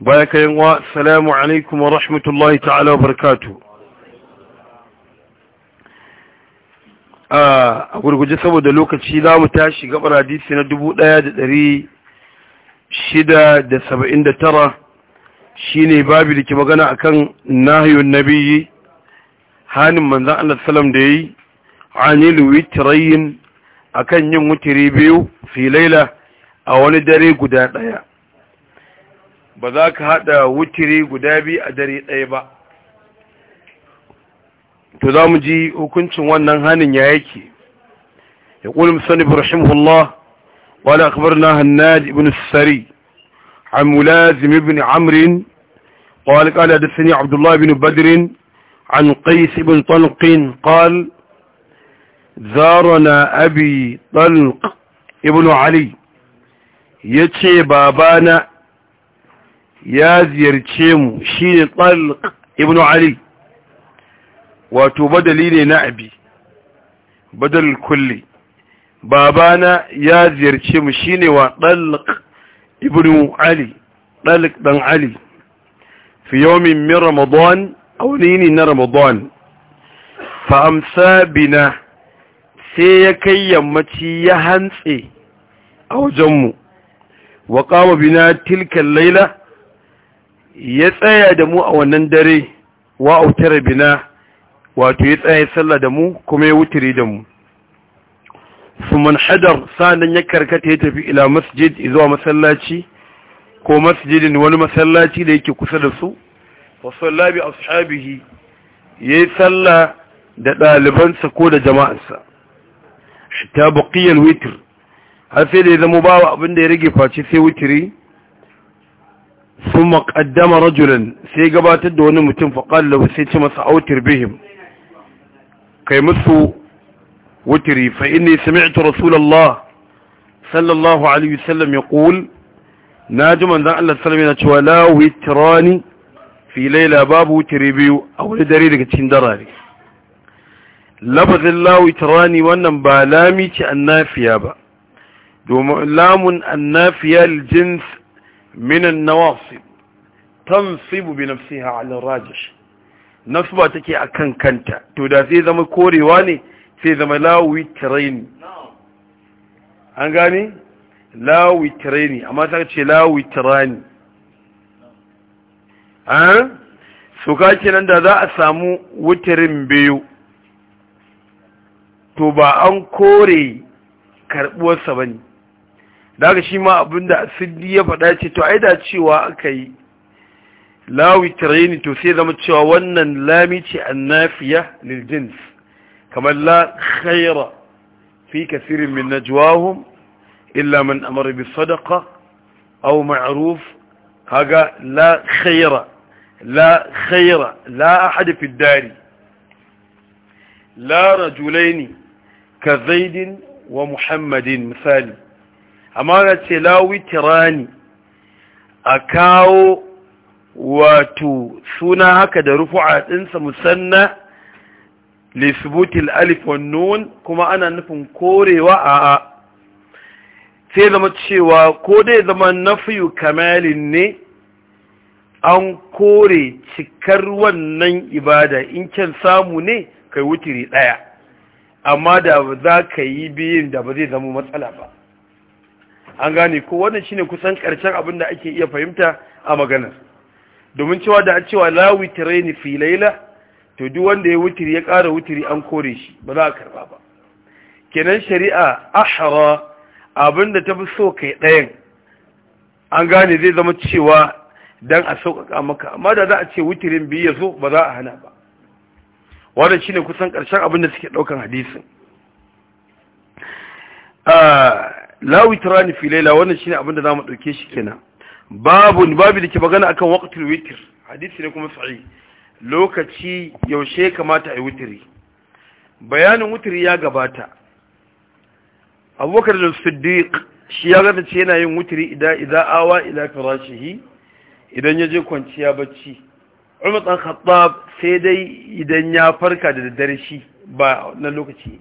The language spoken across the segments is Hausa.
baya kayan wa salamu alaikum wa rahmatullahi ta'ala wa barakatu a gurguje saboda lokaci za mu tashi gabar hadisi na dubu ɗaya da ɗari shida da saba'in da tara shi ne babu da ke magana a kan nahiyun nabiyyi hannun manzan Allah salam da ya yi anil witirayin a kan yin wutiri biyu filaila a wani dare guda ɗaya ba za ka haɗa wutiri guda biyu a dare ɗaya ba to za mu ji hukuncin wannan hannun ya yake ya ƙulun sani bu rashimullah wani akabar na hannadi ibn sari hamulazim ibn amrin wani ƙala da sani abdullahi ibn badirin an ƙais ibn tolkien ƙal zarona abi tolk ibn ali ya ce babana ya ziyarce mu shine talq ibn ali wato badali ne na abi badal kulli babana ya ziyarce mu shine wa talq ibn ali talq dan ali fi yawmin min ramadan aw lini na ramadan fa amsa bina sai ya kai yammaci ya hantse a wajenmu wa ƙawa bina tilkan laila ya tsaya da mu a wannan dare wa autara bina wato ya tsaya sallah da mu kuma ya wutiri da mu Su hadar sanan ya karkata ya tafi ila masjid zuwa masallaci ko masjidin wani masallaci da yake kusa da su wa sallabi ashabihi yayi sallah da ɗalibansa ko da jama'arsa ta baqiyan witr har sai da ya zama bawa abin da ya rage face sai witri sun maƙaddama rajulan sai gabatar da wani mutum faƙallahu sai ce masa autir bihim kai musu wutiri fa inni sami'tu rasulallah sallallahu alaihi wasallam ya ƙul na ji manzan Allah sallam yana cewa la witrani fi laila babu wutiri biyu a wani dare daga cikin darare lafazin la witrani wannan ba lami ce annafiya ba domin lamun annafiya aljins من النواصب تنصب بنفسها على الراجح نصبة تكي أكن كنت تودا سي زما كوري واني سي زما لا ويترين an gane la witrani amma ta ce la witrani an su kake nan da za a samu witirin biyu to ba an kore karbuwarsa ba ne daga shi ma abinda asidi ya faɗa ce to ai da cewa aka yi lawi tarayni to sai zama cewa wannan lami ce annafiya lil kamar la khaira fi kathirin min najwahum illa man amara bi sadaqa aw ma'ruf kaga la khaira la khaira la ahad fi dari la rajulaini ka zaidin wa muhammadin misali amma ga ce la a kawo wato suna haka da rufu'a ɗinsa musanna lisbutil alifon nun kuma ana nufin korewa a a sai zama cewa ko dai zama nafiyu kamalin ne an kore cikar wannan ibada in kyan samu ne kai wutiri ɗaya amma da za ka yi biyun da ba zai zama matsala ba an gane ko wannan shine kusan karshen abin da ake iya fahimta a maganar domin cewa da cewa la witraini fi layla to duk wanda ya wutiri ya kara wutiri an kore shi ba za a karba ba kenan shari'a ahra abinda ta fi so kai ɗayan an gane zai zama cewa dan a sauƙaƙa maka amma da za a ce wutirin biyu ya zo ba za a hana ba wannan shine kusan karshen abin da suke ɗaukan hadisin ah, la witrani fi laila wannan shine abin da zamu dauke shi kenan babu babu da ke magana akan waqtul witr hadisi ne kuma sahi lokaci yaushe kamata ayi witri bayanin witri ya gabata Abubakar as-Siddiq shi ya gata ce yana yin witri idan idan awa ila firashihi idan yaje kwanciya bacci Umar dan Khattab sai dai idan ya farka da daddare shi ba na lokaci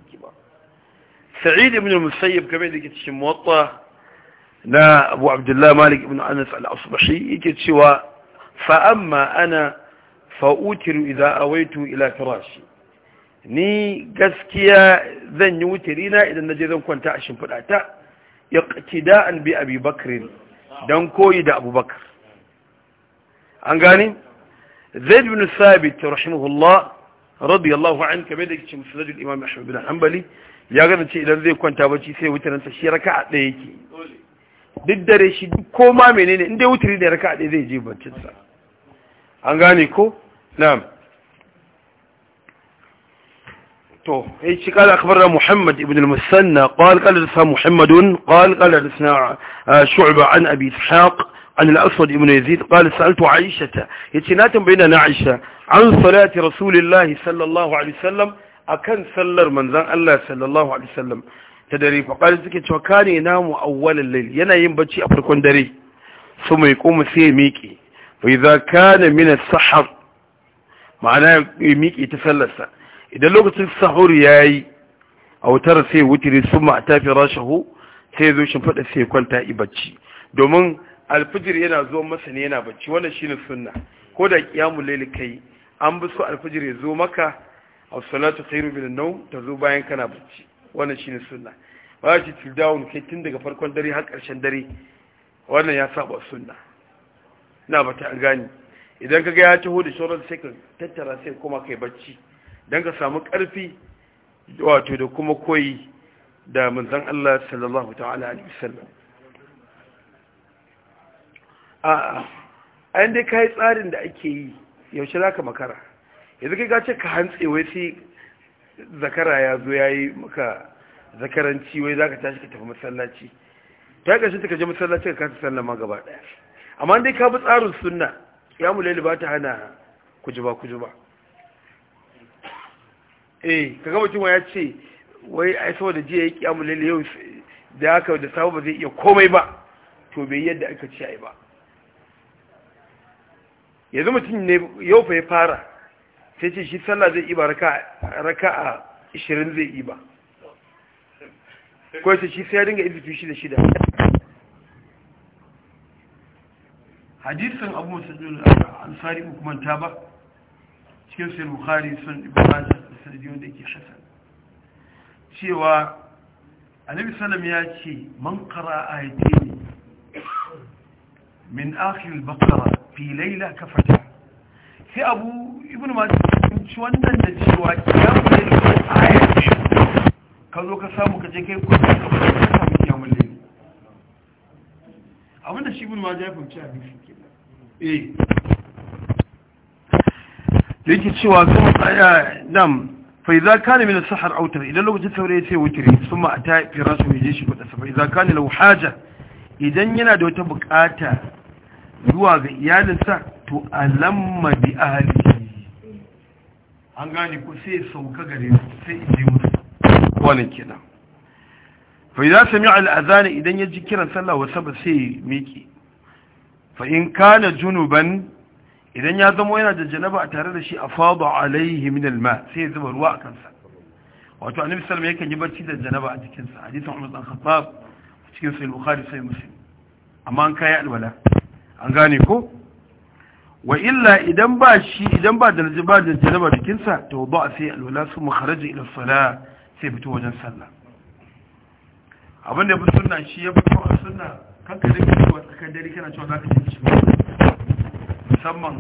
sa'id ibn musayyib kamar da ke cikin motsa na abu abdullahi malik ibn anas al-asbahi yake cewa fa amma ana fa utiru idza awaitu ila firashi ni gaskiya zan yi wutiri na idan naje zan kwanta a shimfiɗa ta iqtida'an bi abi bakr dan koyi da abubakar an gani? zaid ibn sabit rahimahullah radiyallahu anhu kamar da ke cikin musnad al-imam ahmad bin hanbali ya gane ce idan zai kwanta bacci sai wutarin sa shi raka a ɗaya yake duk dare shi duk koma menene in dai wutari da raka a ɗaya zai je baccin an gane ko na'am to ai eh, shi kala da Muhammad ibn al-Musanna qala qala sa Muhammadun qala qala sa ah, Shu'ba an Abi Ishaq عن الأسود ابن يزيد قال سألت عائشة يتناتم بين عائشة عن صلاة رسول الله صلى الله عليه وسلم akan sallar manzon Allah sallallahu alaihi wasallam ta dare faƙari suke cewa kane namu awwalin lail yana yin bacci a farkon dare su mai kuma sai ya miƙe bai za kane mina sahar ma'ana ya miƙe ta sallarsa idan lokacin sahur ya yi a wutar sai wutiri sun ma a fi rashahu sai zo shi faɗa sai kwanta i bacci domin alfijir yana zo masa ne yana bacci wannan shine sunna ko da kiyamul laili kai an bi so alfijir ya zo maka as-salatu khairu da an-nawm ta zo bayan kana bacci wannan shine sunna ba shi till down kai tun daga farkon dare har ƙarshen dare wannan ya saba sunna ina bata an gani idan kaga ya taho da shorar sai ka tattara sai kuma kai bacci dan ka samu ƙarfi wato da kuma koyi da manzon Allah sallallahu ta'ala alaihi wasallam a a an dai kai tsarin da ake yi yaushe zaka makara yanzu kai gace ka hantse wai sai zakara ya zo ya yi maka zakaranci wai za ka tashi ka tafi masallaci ta ƙarshe ta kaje masallaci ka kasa sallama gaba ɗaya amma dai ka bi tsarin sunna ya mu ba ta hana kujuba kujuba eh ka ga mutum ya ce wai ai saboda jiya ya kiyamu laili yau da haka da sabu ba zai iya komai ba to bai yadda aka ci ai ba yanzu mutum ne yau fa ya fara sai ce shi sallah zai iba raka'a 20 zai iba ko sai shi sai ya dinga izitu shi da shida hadisin abu musulun ansari hukumanta ba cikin sai bukhari sun ibada da sanadiyon da ke hasan cewa annabi salam ya ce man qara ayatayn min akhir al-baqara fi layla kafata sai abu ibn masu wannan da cewa kiyamun laili ko ayar ce ka zo ka samu ka je kai ko ka samu ka samu kiyamun laili abinda shi ibn masu ya fahimci a eh. da yake cewa sun tsaya nam فإذا ya من السحر أو ترى إذا لو جت وليس وتري ثم أتى في رأسه يجيش قدس فإذا كان له idan yana da wata bukata zuwa ga iyalinsa Alamma bi ahlihi an gane ku sai sauka gare su sai ije musu wannan kenan fa idan sami al'azana idan ya ji kiran sallah wa ba sai miki fa in kana junuban idan ya zama yana da janaba a tare da shi a fada alaihi min alma sai ya zuba ruwa a kansa wato annabi sallallahu alaihi yakan yi barci da janaba a cikin sa hadisin Umar bin Khattab cikin sahih Bukhari sai Muslim amma an kai alwala an gane ko wa illa idan ba shi idan ba da ba da janaba jikinsa to ba sai alwala su makharaji ila sala sai fito wajen sallah abinda ya fi sunna shi ya fito a sunna kanka da fito a kan dare kana cewa zaka ci shi musamman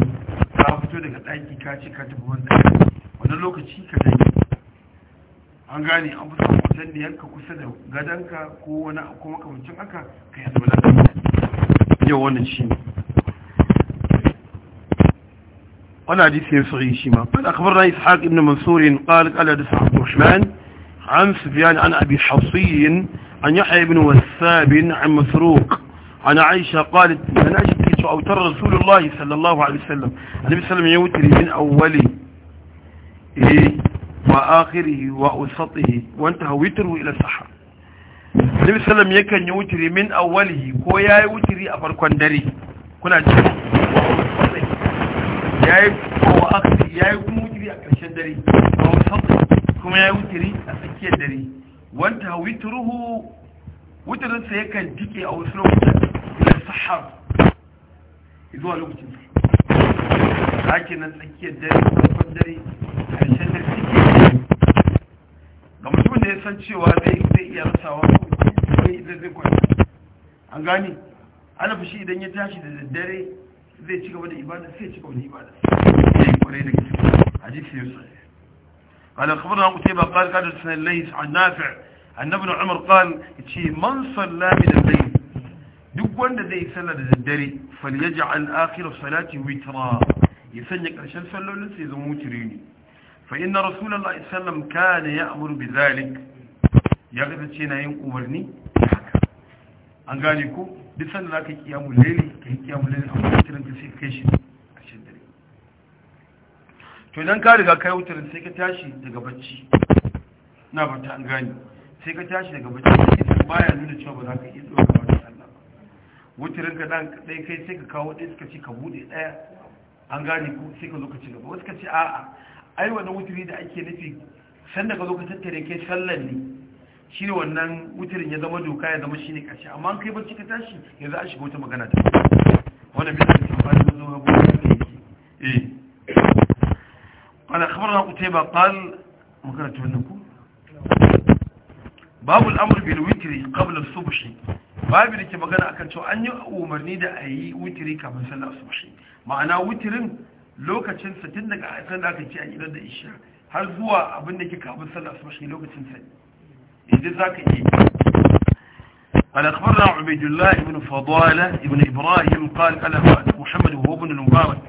ka fito daga daki ka ci ka tafi wanda Wani lokaci ka dai an gane an fito wajen da yanka kusa da gadonka ko wani ko makamancin haka ka yi alwala yau wannan shi ne وانا حديث ينصغي شما قال أخبرنا إسحاق بن منصور قال قال حدث عبد الرحمن عن سفيان عن أبي حصي عن يحيى بن وساب عن مسروق عن عائشة قالت من أشكيت أو ترى رسول الله صلى الله عليه وسلم النبي صلى الله عليه وسلم من أوله إيه وآخره وأوسطه وانتهى وتره إلى السحر النبي صلى الله عليه وسلم يكن awwalihi ko yayi wutiri a farkon dare yayi ko akhiri yayi wutiri a ƙarshen dare ko sabbi kuma yayi wutiri a tsakiyar dare wanda witruhu wutirin sa yakan jike a wasu lokutan da sahar zuwa lokacin sa hake nan tsakiyar dare farkon dare ƙarshen dare cikin ga mutum da ya san cewa zai iya rasawa ko zai zai kwanta an gane ana fushi idan ya tashi da daddare zai ci gaba da ibada sai ci gaba da ibada sai kwarai da gaske hadisi ne sai قال أخبرنا قتيبة قال قال حدثنا الليث عن نافع عن ابن عمر قال من صلى من الليل duk wanda zai sallah da daddare falyaj'al akhiru salati witra ya sanya karshen sallolin sai zama wutiri ne fa inna rasulullahi sallam kana ya'muru bidhalik ya ga na yin umarni an gane ko duk sanda za ka yi kiyamu lele ka yi kiyamu lele amma wutarin ka sai kai shi a shi dare to idan ka riga kai wutarin sai ka tashi daga bacci na bata an gane sai ka tashi daga bacci sai baya nuna cewa ba za ka iya tsoka wata sallah ba wutarin ka dan dai kai sai ka kawo ɗaya suka ce ka buɗe ɗaya an gane ko sai ka zo ka ci gaba wasu ka ce a'a ai wannan wutari da ake nufi sanda ka zo ka tattare kai sallan ne shi ne wannan wutirin ya zama doka ya zama shi ne ƙarshe amma kai barci ka tashi yanzu a shiga wata magana ta wanda bisa da amfani da zuwa abu da ke yi kutai ba قتيبة قال مكانت ku babu al'amur bil witri su bushe. babu da ke magana akan cewa an yi umarni da a yi witri kafin sallar su bushe. ma'ana witrin lokacin sa tun daga da aka ce a gidan da isha har zuwa abin da ke kafin sallar bushe lokacin sa إيه؟ قال أخبرنا عبيد الله بن فضالة بن إبراهيم قال أنا محمد وهو ابن المبارك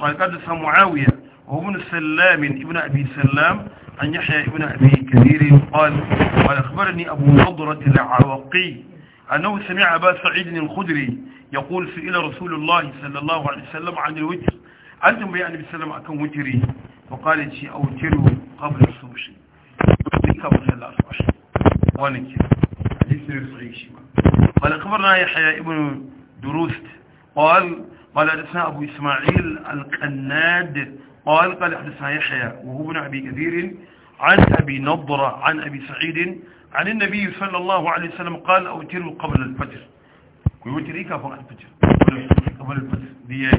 قال قدس معاوية وهو ابن السلام ابن أبي سلام عن يحيى ابن أبي كثير قال قال أخبرني أبو نضرة العواقي أنه سمع أبا سعيد الخدري يقول سئل رسول الله صلى الله عليه وسلم عن الوتر أنتم بيان أبي صلى الله عليه وسلم وتري وقال شيء أوتره قبل الصبح قبل الصبح وانك حديث hadisi ne sai shi ma bal khabarna yahya ibn durust qal qala hadathna abu isma'il قال قال حدثنا يحيى وهو ابن أبي كثير عن أبي نضرة عن أبي سعيد عن النبي صلى الله عليه وسلم قال اوتر قبل الفجر ويوتر إيه كافر الفجر قبل الفجر دي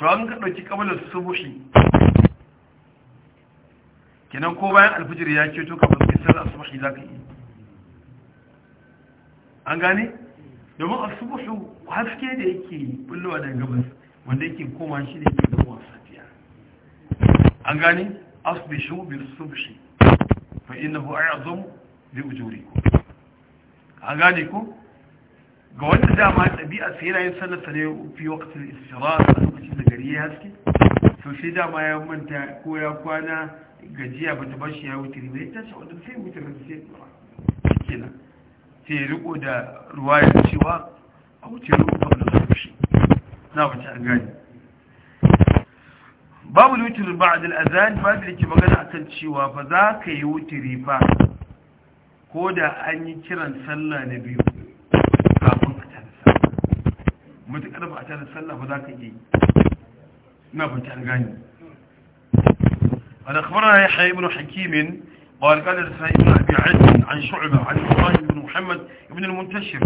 فأنا قلت قبل الصبح kenan ko bayan alfijir ya to kafin kai sallar asubahi za ka yi an gane domin asubuhi haske da yake bullowa daga gabas wanda yake koma shi ne yake gaba safiya an gane asbishu bil subhi fa innahu a'zam li ujurikum an gane ko ga wanda dama ɗabi'a sai yana yin sallar ne fi waqtil istirahah a lokacin da gari ya haske to shi dama ya manta ko ya kwana gajiya ba ta ba shi ya wuce ne ya tashi wanda sai wutirin sai ba. ke nan sai ya riko da ruwaya cewa a wuce ruwa wanda za shi na wace an gani babu wuce ba a dal'azan ba da ke magana a kan cewa ba za ka yi wutiri ba ko da an yi kiran sallah na biyu kafin a tare sallah mutukar ba a tare sallah ba za ka yi na wace an gani قال أخبرنا يحيى بن حكيم قال قال السائل بن أبي عز عن شعبة عن إبراهيم بن محمد بن المنتشر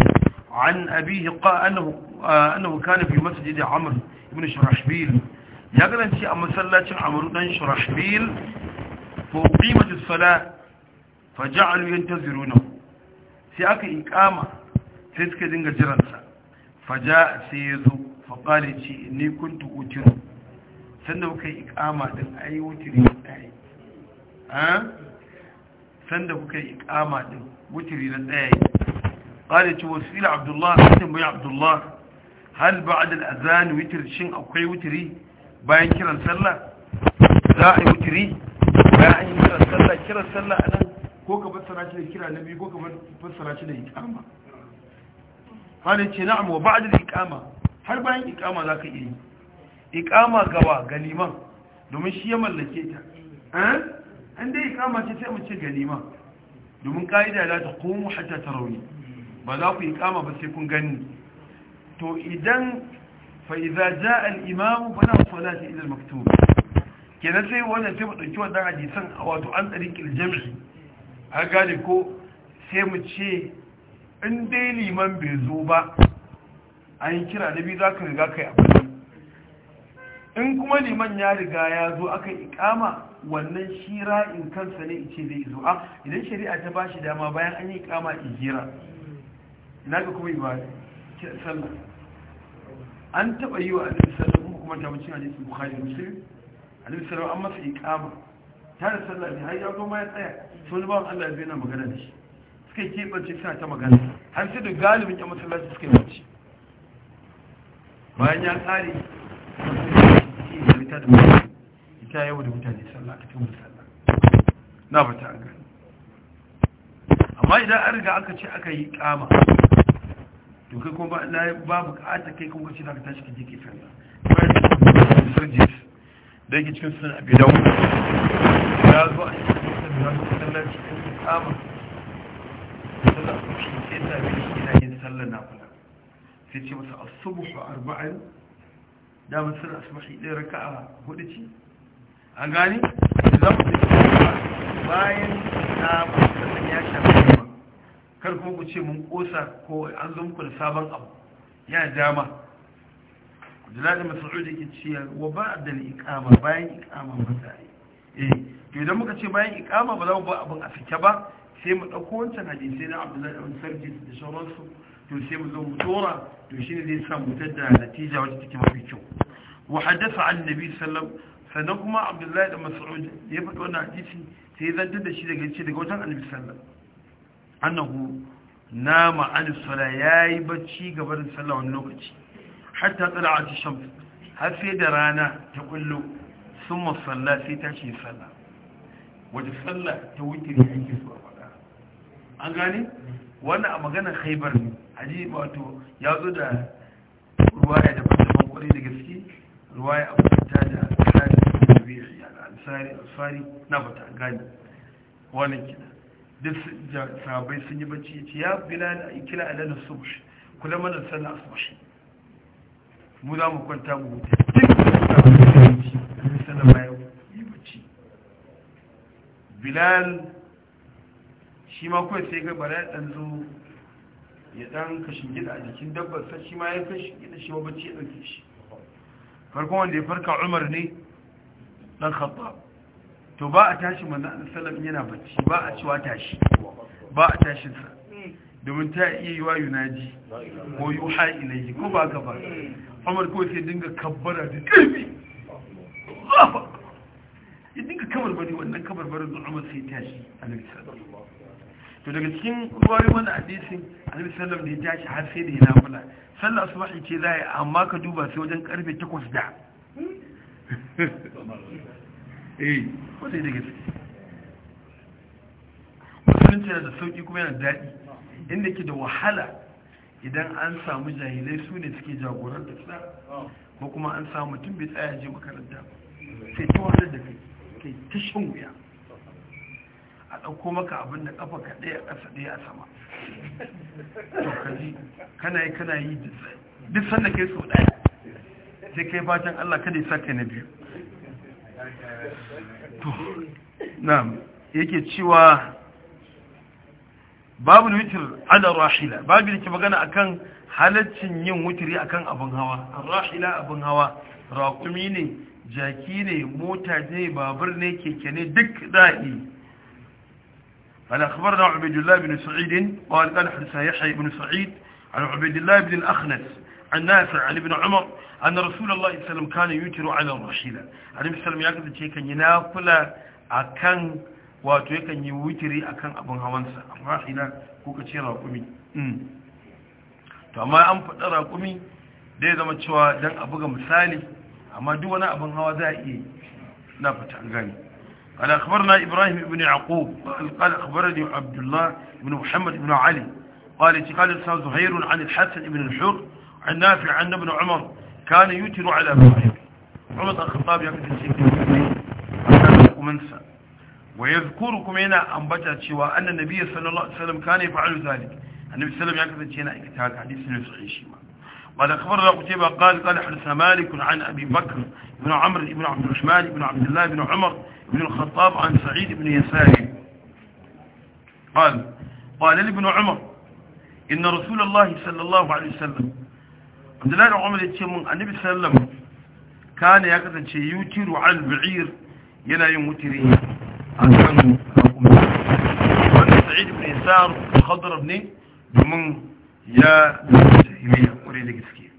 عن أبيه قال أنه, أنه كان في مسجد عمرو بن شرحبيل يقول أنت أما سلات عمرو بن شرحبيل فقيمة الصلاة فجعلوا ينتظرونه سيأك إقامة سيسك دنجا جرنسا فجاء سيزو فقال إني كنت أتره sanda kuka yi ikama din ai wutiri ɗaya sanda kuka yi ikama din wutiri na ɗaya ƙare ce wasu ila abdullah sun tambayi abdullah hal ba adal azani wutir shin akwai wutiri bayan kiran sallah za a yi wutiri bayan an yi kiran sallah kiran sallah anan ko ka fassara shi da kira na biyu ko ka fassara shi da ikama ƙare ce na'am wa ba adal ikama har bayan ikama za ka iya yi ikama gawa ga liman domin shi ya mallake ta an eh? dai ikama ce sai mu ce ga liman domin ka'ida la ta komo hatta ta rauni ba za ku ikama ba sai kun gani to idan fa'iza ja al'imamu ba na salati ilal maktubi kenan sai wannan sai mu ɗauki wannan hadisan wato an tsari ƙiljami a gane ko sai mu ce in dai liman bai zo ba an kira da biyu za ka riga kai abu in kuma liman ya riga ya zo aka ikama wannan shira in kansa ne ice zai zo a ah, idan shari'a ta ba shi dama bayan an yi ikama in jira na ga kuma ibada sallah an taɓa yi wa annabi sallallahu kuma ta mutum hadisi bukhari muslim annabi sallallahu an masa ikama da sallah ne har ya zo ma ya tsaya sun ba Allah zai na magana da shi suka keɓance suna ta magana har sai da galibin ya masallaci suka yi bayan ya tsare ta da mutane ta yau da mutane sallah a cikin sallah na ba ta gani amma idan an riga aka ce aka yi kama to kai kuma ba bukata kai kuma ce zaka tashi kaje ke sallah bayan sirjis da yake cikin sunan abi dawo ya zo a cikin sallah cikin kama sallah shi sai da shi yana yin sallah na kula sai ce masa as-subhu arba'in damar sun asmahi ɗaya raka a hudu ce a gani za mu tafi bayan na sannan ya shafi ba kar kuma ku ce mun kosa ko an zo muku da sabon abu ya dama abdullahi mas'ud ke cewa wa ba'da al ikama bayan ikama ba yi. eh to idan muka ce bayan ikama ba za mu ba abin a fike ba sai mu ɗauko wancan hadisi na abdullahi ibn sarki da sauransu to sai mu zo mu tora to shine zai sa mu tada natija wacce take mafi kyau wa hadatha an nabi sallam sannan kuma abdullahi da mas'ud ya faɗi wannan hadisi sai zantar da shi daga ce daga wajen annabi sallam annahu nama an sala yayi bacci gaba da sallah wani lokaci hatta tsala'at shams har sai da rana ta kullu summa salla sai ta ce sallah wajen sallah ta ne yake so a faɗa an gane wannan a maganar khaybar ne hadisi wato ya zo da ruwaya da fasafin kwarai da gaske ruwaya abu ta da tsari da biyu al'ansari al'asari na bata gani wannan kina duk sabai sun yi bacci ce ya bilal a kira alal subh kula mana sallah subh mu za mu kwanta mu huta duk da sahabai sun yi bacci bilal shi ma kawai sai ga bara ɗan zo ya dan kashin gida a jikin dabbar sa ma ya kashin gida shi ma bacci ya dauke shi farkon wanda ya farka Umar ne ɗan Khattab to ba a tashi manzo Allah sallallahu yana bacci ba a ciwa tashi ba a tashinsa. domin ta iya yi wa yunaji ko yuha ilayhi ko ba ka ba Umar ko sai dinga kabbara da ƙarfi ya dinga kabarbarin wannan kabarbarin da Umar sai tashi alaihi sallallahu to daga cikin ruwari wannan hadisi annabi sallallahu alaihi wasallam da ya tashi har sai da ya nafila sallar asubahi ce za a yi amma ka duba sai wajen karfe 8 da eh ko sai daga ciki musulunci yana da sauki kuma yana daɗi inda ke da wahala idan an samu jahilai su ne suke jagorar da sa ko kuma an samu mutum bai tsaya je makaranta sai ta wahalar da kai kai ta shan wuya a ɗauko maka abin da ƙafa ka ɗaya ƙasa ɗaya a sama to ka ji kana yi kana yi duk sanda kai sau ɗaya sai kai fatan Allah kada ya saka na biyu to na yake cewa babu wutar ala rahila babu da ke magana akan halaccin yin wutiri akan abin hawa rahila abin hawa raƙumi ne jaki ne mota ne babur ne keke ne duk da'i قال أخبرنا عبيد الله بن سعيد قال قال حدثنا يحيى بن سعيد عن عبيد الله بن الأخنس عن نافع عن ابن عمر أن رسول الله صلى الله عليه وسلم كان يوتر على الرحيلة عليه السلام يقول كان ينافل أكن wato yakan yi wutiri akan abin hawansa amma ila ko ka ce raƙumi to amma an faɗa raƙumi da ya zama cewa don a buga misali amma duk wani abin hawa za a iya na fata gani قال أخبرنا إبراهيم بن يعقوب قال, أخبرني عبد الله بن محمد بن علي قال قال زهير عن الحسن بن الحر عن نافع عن ابن عمر كان يتر على أبوه عمر الخطاب يقول السيد ويذكركم هنا أنبتا شوى أن النبي صلى الله عليه وسلم كان يفعل ذلك النبي صلى الله عليه وسلم يقول هنا إكتال حديث نفسه شيما قال أخبرنا قتيبة قال قال حدثنا مالك عن أبي بكر بن عمرو بن عبد الرحمن بن عبد الله بن عمر بن الخطاب عن سعيد بن يسار قال قال لابن عمر إن رسول الله صلى الله عليه وسلم عبد الله بن عمر يتشمون النبي صلى الله عليه وسلم كان يكتن شيء يوتر على البعير ينا يموتره عن سنه وأن سعيد بن يسار خضر بن من يا جميع أريد كسكي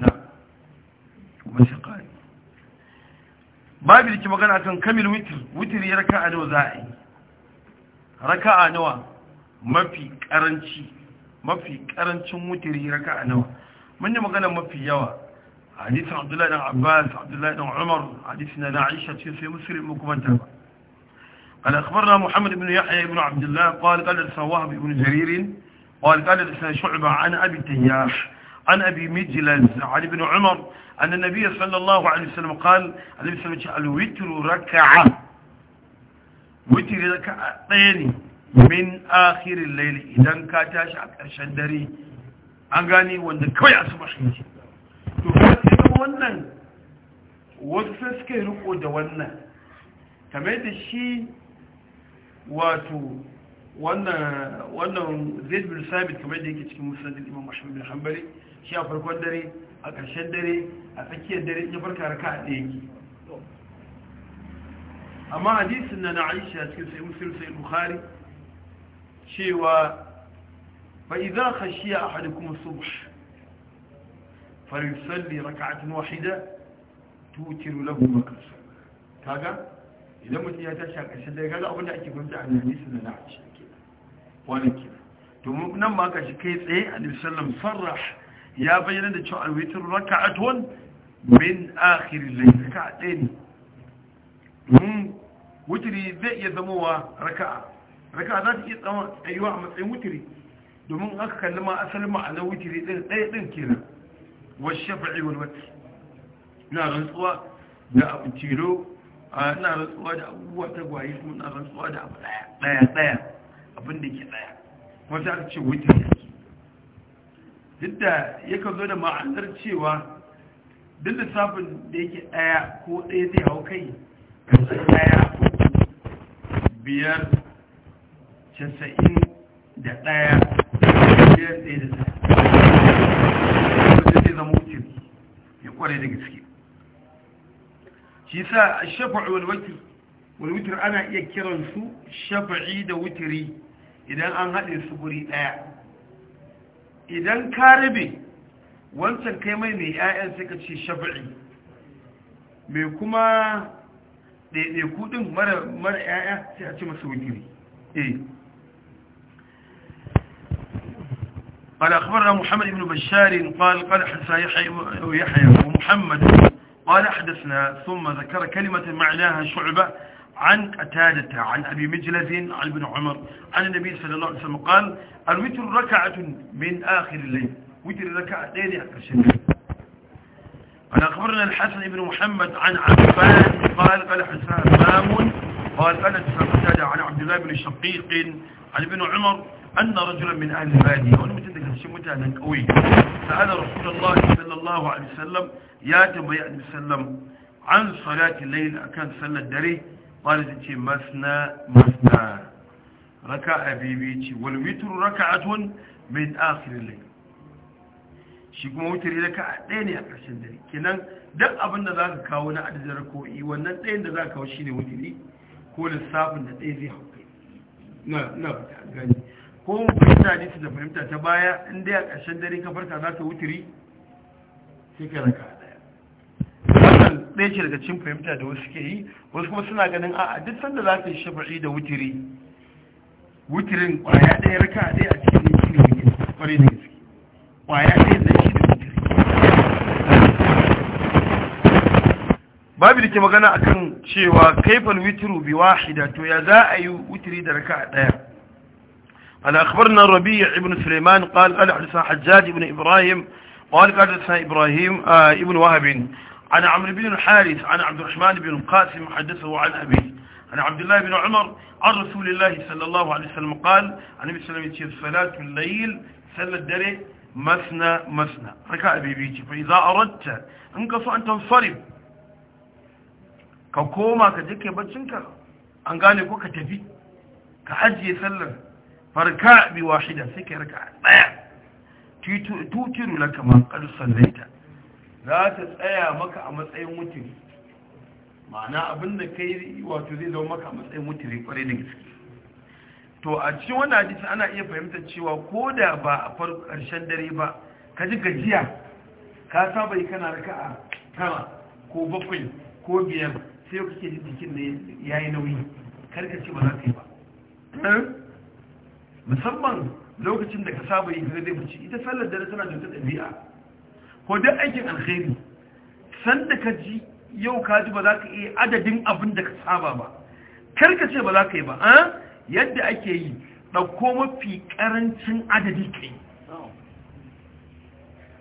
نعم ومشقا babu da ke magana akan kamil witir witir ya raka'a nawa za a yi raka'a nawa mafi karanci mafi karancin witir ya raka'a nawa mun yi magana mafi yawa hadisin abdullahi dan abbas abdullahi dan umar hadisin na aisha ce sai muslim mu kuma ta ba قال أخبرنا محمد بن يحيى بن عبد الله قال قال لسنا وهب بن جرير قال قال لسنا شعبة عن أبي التياح عن أبي مجلس عن ابن عمر أن النبي صلى الله عليه وسلم قال عليه وسلم الوتر ركعة وتر ركعتين من آخر الليل إذا كاتاش أكرشان داري أنغاني وند كوي أصبح يجي تفاتي وانا وفسك رقود وانا كما يدشي واتو wannan zai bin sabit kamar da yake cikin musulun imam ahmad bin hambari shi a farkon dare a ƙarshen dare a tsakiyar dare ya farka raka a ɗaya yi amma hadisin na na'aisha cikin sai musulun sai buhari cewa fa idza khashiya ahadukum subh a rak'atan wahida tutiru lahu bakr kaga idan mutum ya tashi a ƙarshen dare kaga abin da ake fahimta a hadisun na na'aisha wani ke to nan ba ka shi kai tsaye a nisallam sarrah ya bayyana da cewa alwitar raka'atun min akhirin lai raka'a ɗaya ne domin wutiri zai iya zamowa raka'a raka'a za ta iya tsayuwa a matsayin wutiri domin aka kalli ma asalin ma'anar wutiri ɗin ɗaya ɗin kenan wasu shafa'i wani wata na rantsuwa da abu tilo na rantsuwa da abubuwa ta gwaye kuma na rantsuwa da abu ɗaya ɗaya abin da ke daya kuma sai a ce witr duk da yakan zo da ma'anar cewa duk da lissafin da yake daya ko daya zai hau kai kasar daya biyar casa'in da daya biyar daya da daya wanda zai zama wuce ya kware da gaske shi sa shafa'i wutar ana iya kiransu shafa'i da wutiri idan an haɗe su guri ɗaya idan ka rabe wancan kai mai mai 'ya'yan sai ka ce shafi'i mai kuma ɗaiɗaiku ɗin mara 'ya'ya sai a ce masu wujiri eh قال أخبرنا محمد بن بشار قال قال حسى يحيى ومحمد قال أحدثنا ثم ذكر كلمة معناها شعبة عن قتادة عن أبي مجلس عن ابن عمر عن النبي صلى الله عليه وسلم قال الوتر ركعة من آخر الليل وتر ركعة ليلة أكثر قال أخبرنا الحسن بن محمد عن عبان قال قال حسان مام قال قال قتادة عن عبد الله بن شقيق عن ابن عمر أن رجلا من أهل البادية وأنا متذكر شيء متانا قوي سأل رسول الله صلى الله عليه وسلم يا تبا يا عن صلاة الليل أكان صلى الدريه malik ce masna masna raka'a bibi ce wani witr raka'atun min akhir al-layl shi kuma wutiri da ka'a ɗaya ne a ƙarshen dare kenan duk abin da za ka kawo na adadin rako'i wannan ɗayan da za ka kawo shi ne wutiri ko lissafin da ɗaya zai hauka na fata gani ko fahimta hadisi da fahimta ta baya inda a ƙarshen dare ka farka za ka wutiri sai ka raka ɗaya ce daga cin fahimta da wasu ke yi wasu kuma suna ganin a duk sanda za ka yi shafa'i da wutiri wutirin ƙwaya ɗaya raka a ɗaya a cikin shi ne wani ƙwarai da gaske ƙwaya ɗaya na shi da wutiri babu da ke magana a kan cewa kaifal wutiru bi wahida to ya za a yi wutiri da raka a ɗaya على أخبرنا ربيع ابن سليمان قال قال حدثنا حجاج ابن إبراهيم قال قال حدثنا إبراهيم ابن وهب عن عمرو بن الحارث عن عبد الرحمن بن القاسم حدثه عن أبيه عن عبد الله بن عمر عن رسول الله صلى الله عليه وسلم قال عن النبي صلى الله عليه وسلم صلاة الليل صلى الدري مثنى مثنى ركع بيبيتي فإذا أردت انقص أن تنصرف كوكوما كجك بجنك أن قال لك كتفي كحج يسلم فركع بواحدة سكي ركع تيتر لك ما قد صليته za ta tsaya maka a matsayin mutum ma'ana abinda ka yi wato zai zama maka a matsayin ya kwarai da gaske to a cikin wani hadisi ana iya fahimtar cewa ko da ba a farko ƙarshen dare ba ka ji gajiya ka saba yi kana raka a tara ko bakwai ko biyar sai kake ji jikin da ya yi nauyi karka ce ba za ka yi ba eh? musamman lokacin da ka saba yi ka zai ita sallar dare tana da ta ɗabi'a ko duk aikin alkhairi san da ka ji yau ka ji ba za ka iya adadin abin da ka saba ba kar ka ce ba za ka yi ba a yadda ake yi ɗauko mafi ƙarancin adadi ka yi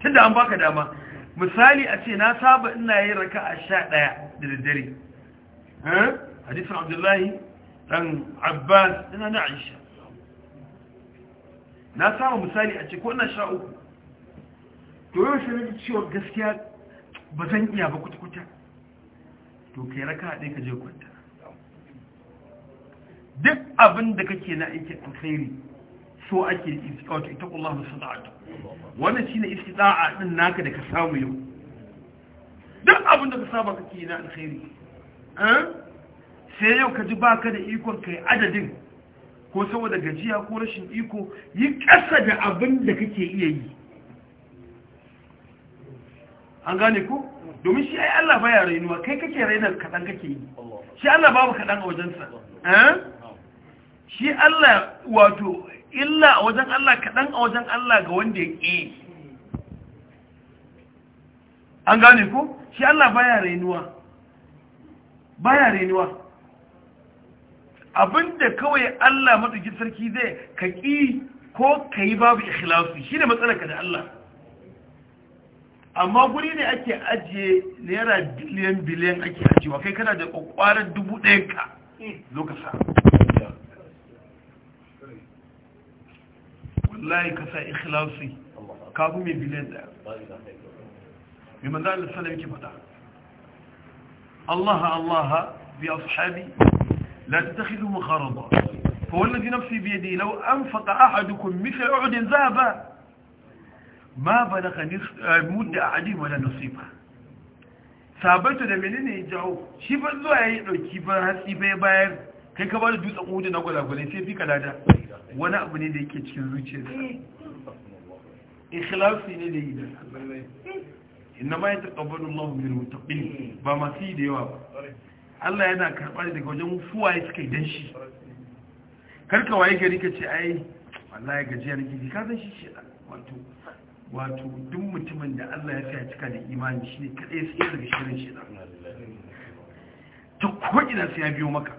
tun da an baka dama misali a ce na saba ina yin raka a sha ɗaya da daddare hadisun abdullahi ɗan abbas ina na aisha na saba misali a ce ko ina sha uku to yau shi nake cewa gaskiya ba zan iya ba kuta-kuta to kai raka ɗaya ka je kwanta duk abin da kake na a alkhairi so ake ita istiqaatu ittaqullahu sada'atu wannan shine istida'a din naka da ka samu yau duk abin da ka saba kake na alkhairi eh? sai yau ka ji baka da ikon kai adadin ko saboda gajiya ko rashin iko yi kasa da abin da kake iya yi an gane ku domin shi ai Allah baya rainuwa kai kake rainar kadan kake yi shi Allah babu kadan a wajensa eh shi Allah wato illa a wajen Allah kadan a wajen Allah ga wanda ya ƙi an gane ku shi Allah baya rainuwa baya rainuwa abinda kawai Allah madauki sarki zai ka ƙi ko ka yi babu ikhlasi shine ka da Allah amma guri ne ake ajiye naira biliyan biliyan ake ajiyewa kai kana da kwakwarar dubu ɗayan ka zo ka sa wallahi ka sa ikhlasi kafin mai biliyan ɗaya mai manzo Allah sallallahu alaihi wasallam Allah Allah bi ashabi la tattakhidu ba fa wallazi nafsi bi yadi law anfaqa ahadukum mithla uhudin dhahaba ma balagha mudda ahadin wala nasiba sabanta da menene ya jawo shi ba zuwa ya yi ɗauki ba hatsi bai bayar kai ka ba da dutsen udu na gwada gwalagwale sai fi kalada wani abu ne da yake cikin zuciya da ikhlasi ne da yi da inna ma ya taƙabbalu Allah min mutaqin ba masu yi da yawa ba Allah yana karɓa daga wajen fuwaye suka yi dan shi karka waye gari ka ce ai wallahi gajiya nake ji ka san shi shi wato wato duk mutumin da Allah ya fiya cika da imani shi ne kaɗai sai ya daga shirin shi ta ko'ina sai ya biyo maka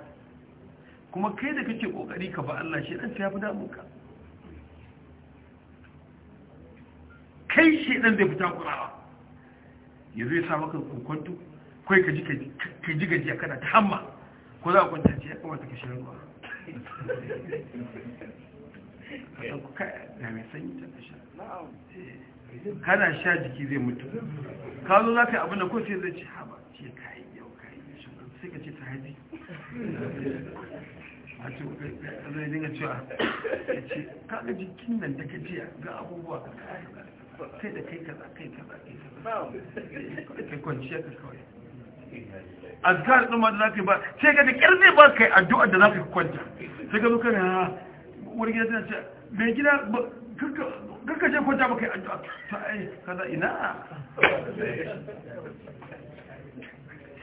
kuma kai da kake ƙoƙari ka ba Allah shi ɗan sai ya fi damunka kai shi ɗan da fita kurawa ya zai sa maka kokonto kai ka ji gajiya kana ta hamma ko za a kwanta ce ya kamata ka shirin ruwa a ɗan kuka da mai sanyi ta ta kana sha jiki zai mutu ka zo za ka yi abinda ko sai zai ce ha ba ce ka yi yau ka yi shi sai ka ce ta haji a ce ka zai dinga cewa ya ce ka ga jikin nan da ka jiya ga abubuwa ka kai da kai ka za kai ka za kaza kai kwanciya ka kawai azkar din ma da zaka ba sai ka da kyar zai ba kai addu'ar da zaka kwanta sai ka zo kana wani gida tana ce mai gida kanka kaka je kwanta baka yi addu'a ta ai kaza ina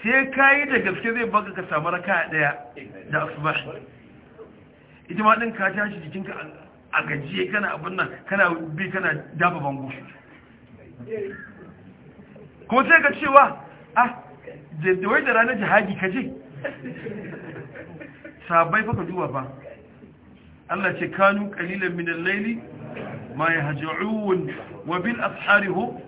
sai yi da gaske zai baka ka samu raka daya da asuba ita ma din ka tashi jikinka a gajiye kana abin nan kana bi kana dafa bango Ko sai ka cewa ah wai da ranar jihadi ka je sabai fa ka duba ba Allah ce kanu kalilan minan laili ما يهجعون وبالأسحار هم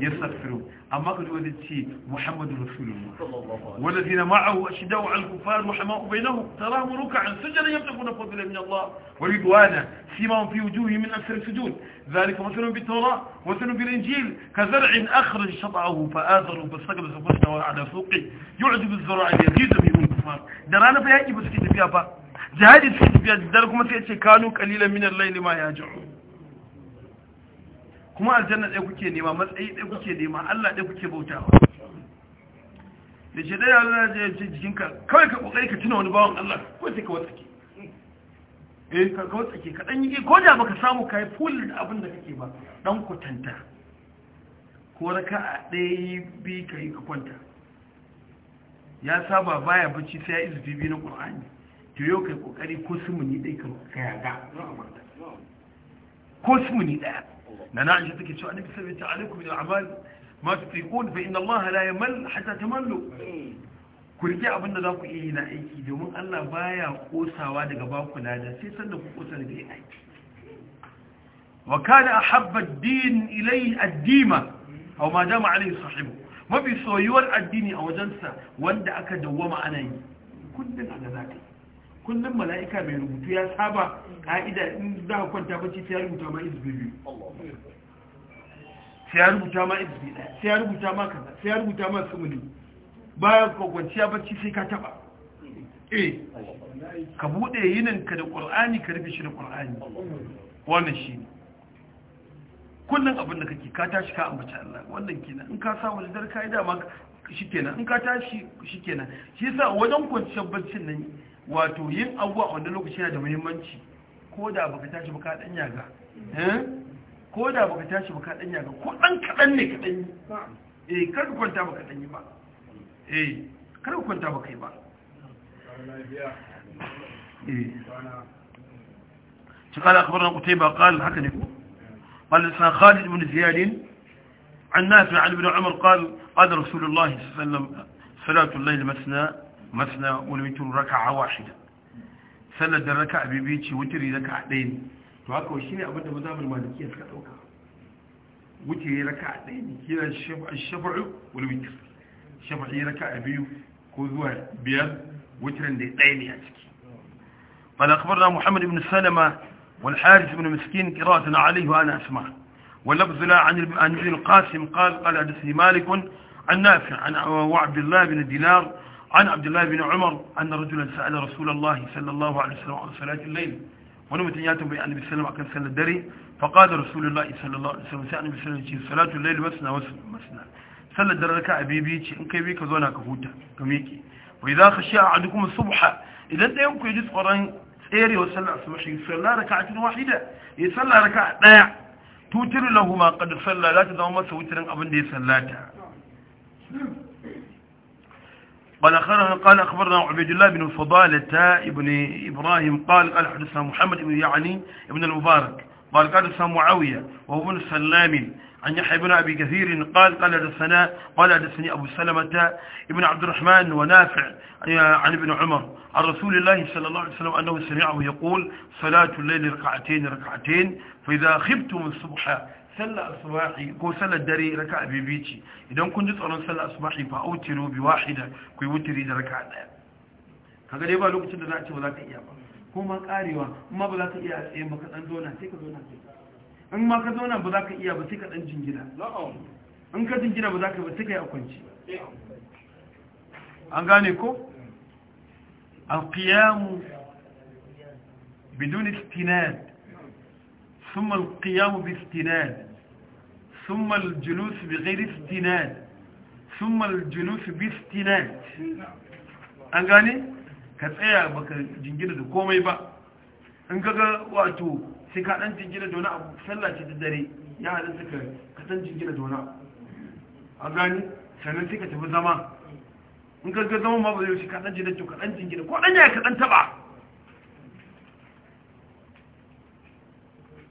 يستغفرون أما قد ولدت محمد رسول الله والذين معه أشداء على الكفار وحماء بينهم تراهم ركعا سجدا يمتقون فضلا من الله ورضوانا سيماهم في وجوههم من أسر السجود ذلك مثل بالتوراة مثل بالإنجيل كزرع أخرج شطعه فاثروا فاستقبل سبحانه وتعالى سوقه يعجب الزراع يزيد به الكفار درانا فيها يجب سكت فيها با جهاد سكت فيها داركم سيأتي كانوا قليلا من الليل ما يهجعون kuma aljanna ɗaya kuke nema matsayi ɗaya kuke nema Allah ɗaya kuke bautawa da shi ɗaya Allah ya ce jikinka kawai ka kokari ka tuna wani bawan Allah ko sai ka watsake eh ka ka watsake ka dan yi ko da baka samu kai full da abin da kake ba dan kwatanta ko a ɗaya bi kai ka kwanta ya saba baya bacci sai ya izufi bi na Qur'ani to yau kai kokari ko sumuni ɗaya ka yaga ko sumuni ɗaya nana aisha take cewa annabi sallallahu alaihi da ya amal ma tutiqun fa inna allaha la yamal ta tamallu ku rike abinda za ku iya yi na aiki domin Allah baya kosawa daga baku lada sai sanda ku kosa da aiki wa kana ahabba ad-din ilayhi ad-dima aw ma jama alayhi sahibu mafi soyuwar addini a wajensa wanda aka dawwama ana yi kullun ana yi kullum mala'ika mai rubutu ya saba ka'ida in za ka kwanta bacci sai ya rubuta ma izbi biyu sai ya rubuta ma izbi ɗaya sai ya rubuta ma kaza sai ya rubuta ma sumuni bayan ka kwanciya bacci sai ka taba E, eh, ka buɗe yinin ka da ƙwar'ani ka rufe shi da ƙwar'ani wannan shi ne. kullum abin da kake ka tashi ka ambaci Allah wannan kenan in ka samu lidar ka'ida ma shi kenan in ka tashi kenan shi yasa wajen kwanciyar baccin nan wato yin abuwa a wannan lokaci yana da muhimmanci ko da baka tashi baka dan yaga eh? ko da baka tashi baka dan yaga ko dan kadan ne kadan yi eh kar ka kwanta baka dan yi ba eh kar ka kwanta baka yi ba eh قال أخبرنا قتيبة kutai ba نكو قال لسان خالد بن زياد عن نافع عن ابن عمر قال قال رسول الله صلى الله عليه وسلم صلاة الليل مثنى مثنى والوتر ركعة واحدة سنة الركعة ببيتي وتري ركعة دين فهذا هو الشيء أبدا مدام المالكية سكتوكا وتري ركعة دين كلا الشبع والوتر شبع ركعة بيو كذوة بيان وتر دين يتكي قال أخبرنا محمد بن سلمة والحارث بن مسكين قراءة عليه وأنا أسمع واللفظ لا عن ابن القاسم قال قال حدثني مالك عن نافع عن وعبد الله بن الدينار عن عبد الله بن عمر أن رجلا سأل رسول الله صلى الله عليه وسلم عن صلاة الليل ونمت أن يأتي بأن النبي صلى الله عليه وسلم أكن الدري فقال رسول الله صلى الله عليه وسلم سأل النبي صلى الله عليه وسلم صلاة الليل مسنا مسنا صلى الدري لك أبيبي إن كيبي كزونا كهوتا كميكي وإذا خشي أحدكم الصبح إذا أنت يمكن يجلس قرآن tsere wa sallar asubashi yusallar raka'atun wahida ya sallar raka'a daya tutiru lahu ma qad salla za ta zama masa wutirin abin da ya sallata قال أخبرنا قال أخبرنا عبيد الله بن فضالة ابن إبراهيم قال قال حدثنا محمد بن يعني ابن المبارك قال قال حدثنا معاوية وهو ابن سلام عن يحيى بن أبي كثير قال قال حدثنا قال حدثني أبو سلمة ابن عبد الرحمن ونافع عن ابن عمر عن رسول الله صلى الله عليه وسلم أنه سمعه يقول صلاة الليل ركعتين ركعتين فإذا خبتم الصبح sallar asubahi ko sallar dare raka a ce idan kun ji tsoron sallar asubahi fa autiru bi wahida ku yi wutiri da raka daya kaga dai ba lokacin da za a ce ba za ka iya ba kuma karewa in ma ba za ka iya a tsaye ba ka dan zauna sai ka zauna in ma ka zauna ba za ka iya ba sai ka dan jingina in ka jingina ba za ka ba sai ka yi akwanci an gane ko alqiyamu bidun istinad ثم القيام باستناد ثم الجلوس بغير استناد ثم الجلوس باستناد an gane ka tsaya baka jingina da komai ba in kaga wato sai ka dan jingina da wani abu sallah da dare ya halatta ka ka dan jingina da wani an gane sannan sai ka tafi zama in kaga zama ma ba zai wuce ka dan jingina to ka dan jingina ko dan ya ka dan taba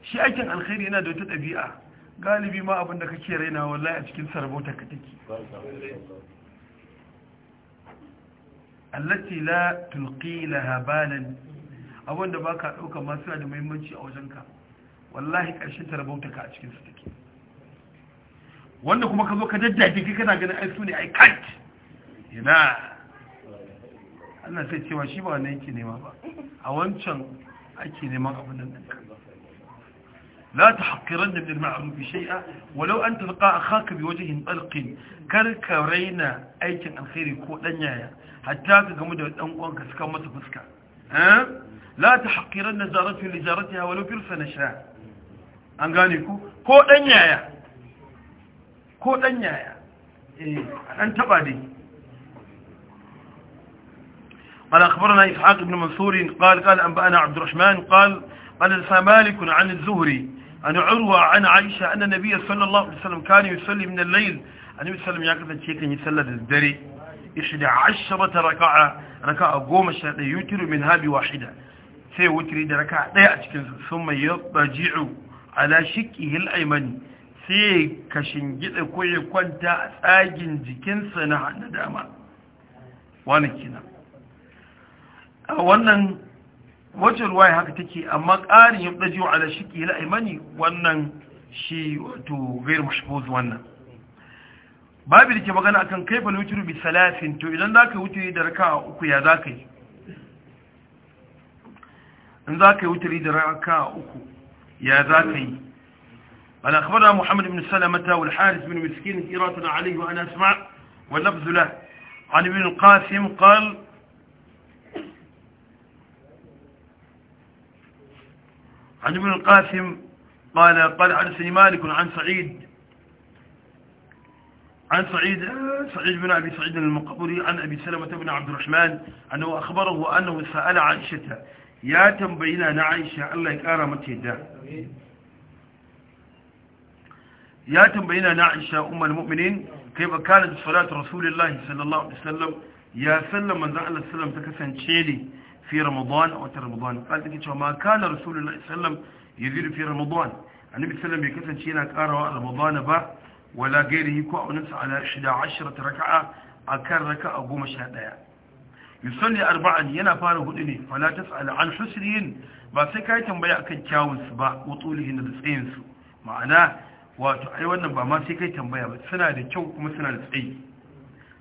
shi aikin alkhairi yana da wata ɗabi'a galibi ma abinda kake raina wallahi a cikin sarabauta ka take allati la tulqi laha balan abinda baka dauka ma suna da muhimmanci a wajenka wallahi karshen sarabauta ka a cikin su take wanda kuma ka zo ka daddaje kai kana ganin ai su ne ai kat ina Allah sai cewa shi ba wannan yake nema ba a wancan ake neman abin nan ɗinka لا تحقرن من المعروف شيئا ولو أن تلقى أخاك بوجه طلق كرك رينا شيء الخير كو دنيايا حتى تقمد أنك uwanka suka ها لا تحقرن tahqiranna لزارتها ولو zaratiha walau أن قال an gane ku ko danyaya ko danyaya قال أخبرنا إسحاق بن منصور قال قال أنبأنا عبد الرحمن قال قال مالك عن الزهري an urwa an aisha anna nabiyyi sallallahu alaihi wasallam kana yusalli min al-layl annabi sallallahu ya kasance kan yi sallar da dare 11 raka'a raka'a 11 yutiru min habi wahida sai wutiri da raka'a daya a cikin su summa yabaji'u ala shikkihi al-aymani sai kashin gida ko ya kwanta a tsagin jikinsa na hannu dama a wannan wacce ruwaya haka take amma ƙarin yin ɗajiyo ala shiki la imani wannan shi wato gairu mashbuz wannan babu da ke magana akan kaifa wutiru bi salasin to idan za ka wuturi da raka uku ya za ka yi in za ka yi wuturi da raka uku ya za ka yi قال أخبرنا محمد بن سلمة والحارث بن مسكين إراتنا عليه ana أسمع wa له عن ابن القاسم قال عن ابن القاسم قال قال عن مالك عن سعيد عن سعيد سعيد بن أبي سعيد المقبري عن أبي سلمة بن عبد الرحمن أنه أخبره أنه سأل عائشة يا تنبينا عائشة الله يكرمك يدا يا تنبينا عائشة أم المؤمنين كيف كانت صلاة رسول الله صلى الله عليه وسلم يا سلم من ذا الله سلم تكسن شيلي fi ramadan a watan ramadan A take cewa ma kana rasulullahi sallam yazidu fi ramadan annabi sallam bai kasance yana karawa a ramadan ba wala gairihi ko a wani sa'ala shida ashirata raka'a akan raka'a goma sha ɗaya yusalli arba'an yana fara hudu ne fala tas'ala an husrihin ba sai kai tambaya akan kyawun su ba wutulihin da tsayinsu. su ma'ana wato ai wannan ba ma sai kai tambaya ba suna da kyau kuma suna da tsayi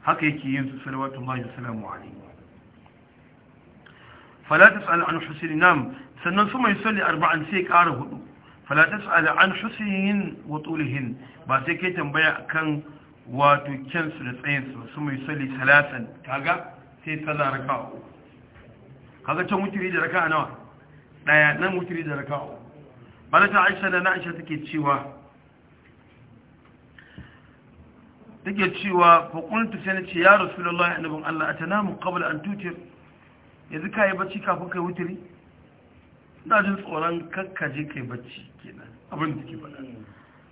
haka yake yin su sallallahu alaihi wasallam fala tas'al an husayn nam sannan su mai salli arba'an sai ƙara hudu fala tas'al an husayn wa tulihin ba sai kai tambaya kan wato kyansu da tsayin su mai salli salatan kaga sai sallah raka'a kaga can mutiri da raka'a nawa daya nan mutiri da raka'a balata Aisha da Aisha take cewa take cewa fa qultu sai ce ya rasulullahi annabin Allah atanamu qabla an tutir yanzu ka yi bacci kafin kai wuturi ina jin tsoron kakkaje kai bacci kenan abin da ke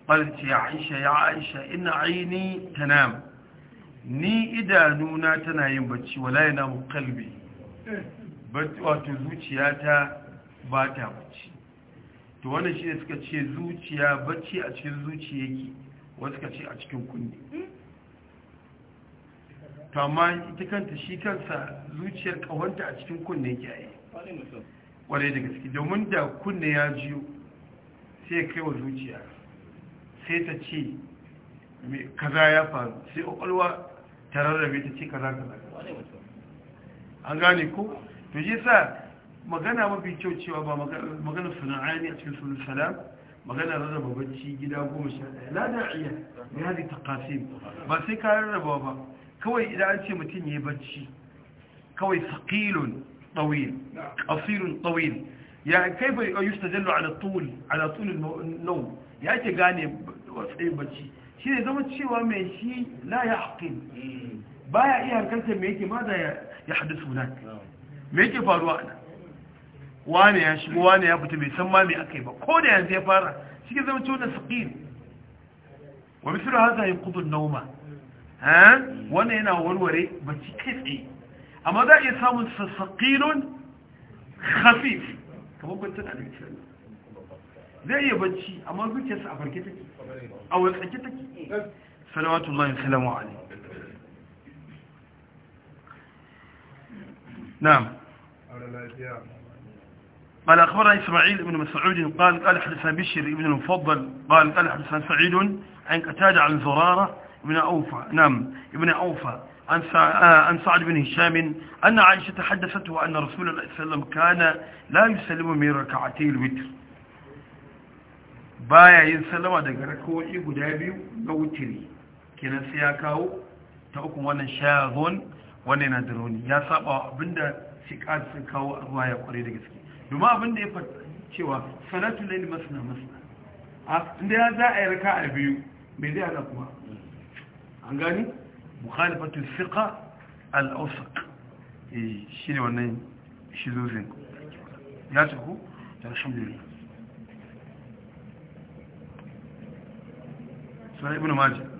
faɗa ya aisha ya aisha ina aini ta nam ni idanuna tana yin bacci wala yana mu kalbi wato zuciyata ba ta bacci to wannan shi ne suka ce zuciya bacci a cikin zuciya yake wasu suka ce a cikin kunne to amma ita kanta shi kansa zuciyar kawanta a cikin kunne ya yi kwarai da gaske domin da kunne ya jiyo sai kai wa zuciya sai ta ce kaza ya faru sai kwakwalwa ta rarrabe ta ce kaza kaza an gane ko to ji sa magana mafi kyau cewa ba magana suna'ani a cikin sunan salam magana rarraba barci gida goma sha daya la da'iya ya zai takasim ba sai ka rarraba ba kawai idan an ce mutum ya yi barci, kawai saƙilun ɗawil ƙasirun ɗawil ya kai bai ƙayyu ta jallo a tuli ala nau ya ke gane tsayin barci. shi ne zama cewa mai shi la ya haƙin ba ya iya hankalta mai yake ma da ya haɗu nan mai yake faruwa ana wane ya shigo wane ya fita mai san ma mai aka yi ba ko da yanzu ya fara shi ke zama cewa da saƙil wa misir haza yin kudin nauma wannan yana warware bacci kai tsaye amma za a iya samun sassaƙilun khafif kamar baccin abinci zai iya bacci amma zuciyarsa a farke take a watsake take salawatullahi salamu alaihi نعم قال أخبرنا إسماعيل بن مسعود قال قال حدثنا بشر بن المفضل قال قال حدثنا سعيد عن قتادة عن زرارة بن أوفى نعم ابن أوفى عن عن سعد بن هشام أن عائشة حدثته أن رسول الله صلى الله عليه وسلم كان لا يسلم من ركعتي الوتر baya yin sallama daga rakawoyi guda biyu na wutiri sai ya kawo ta ukun wannan shazon wannan na daroni ya saba abinda shiƙar sun kawo ruwa ya kware da gaske domin abinda ya fata cewa salatu laili masana masana inda ya za a yi raka a biyu mai zai hada kuma an gani mukhalifatul fiqa al-awsaq eh shine wannan shizuzin ya tafi alhamdulillah sai ibn majah